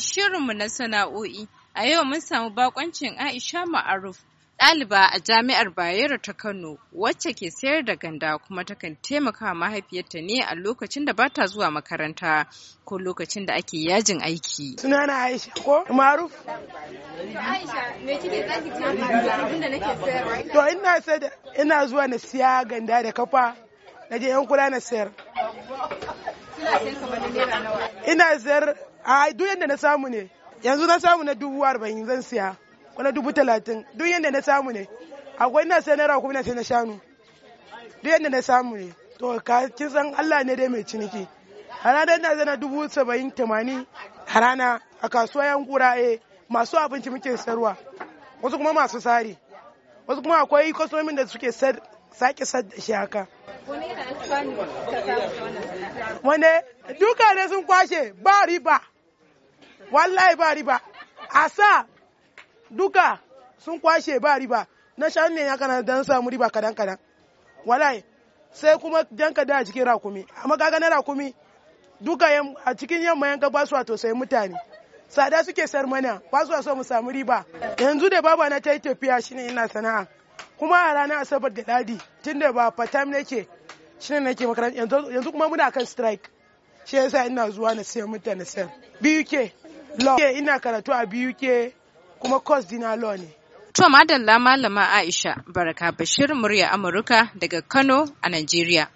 shirinmu na sana'o'i, a yau mun samu bakoncin Aisha Ma'aruf, ɗaliba a Jami'ar Bayero ta Kano, wacce ke sayar da ganda kuma takan taimaka mahaifiyarta ne a lokacin da bata zuwa makaranta ko lokacin da ake yajin aiki. Sunana Aisha ko Ma'aruf? To Aisha, me kike zaki ce abin da nake sayarwa? To ina sayar da ina zuwa na siya ganda da kafa, na je yan kula na sayar. Ina sayar a duk yadda na samu ne yanzu na samu na dubu arba'in zan siya ko na dubu talatin duk yadda na samu ne akwai na sai na rakumi na sai na shanu duk yadda na samu ne to ka kin san Allah ne dai mai ciniki a ranar na zana dubu saba'in tamani a rana a kasuwa yan kura eh, masu abinci muke sarwa wasu kuma masu sari wasu kuma akwai kwasomin da suke sake sadda shi haka wanda duka ne sun kwashe ba riba wallahi ba riba a sa duka sun kwashe ba riba na shan ne haka nan dan samu riba kadan kadan wallahi sai kuma janka da a cikin rakumi amma kaga na rakumi duka a cikin yamma yanka ba su wato sai mutane sada suke sar mana ba su so mu samu riba yanzu da baba na ta yi tafiya shine ina sana'a kuma a ranar asabar da ladi tunda ba fatam nake shine nake makaranta yanzu kuma muna kan strike shi yasa ina zuwa na sayan mutane sayar biyu ke law ina karatu a biyu ke kuma kos dina law ne to madalla malama Aisha Baraka Bashir murya Amurka daga Kano a Najeriya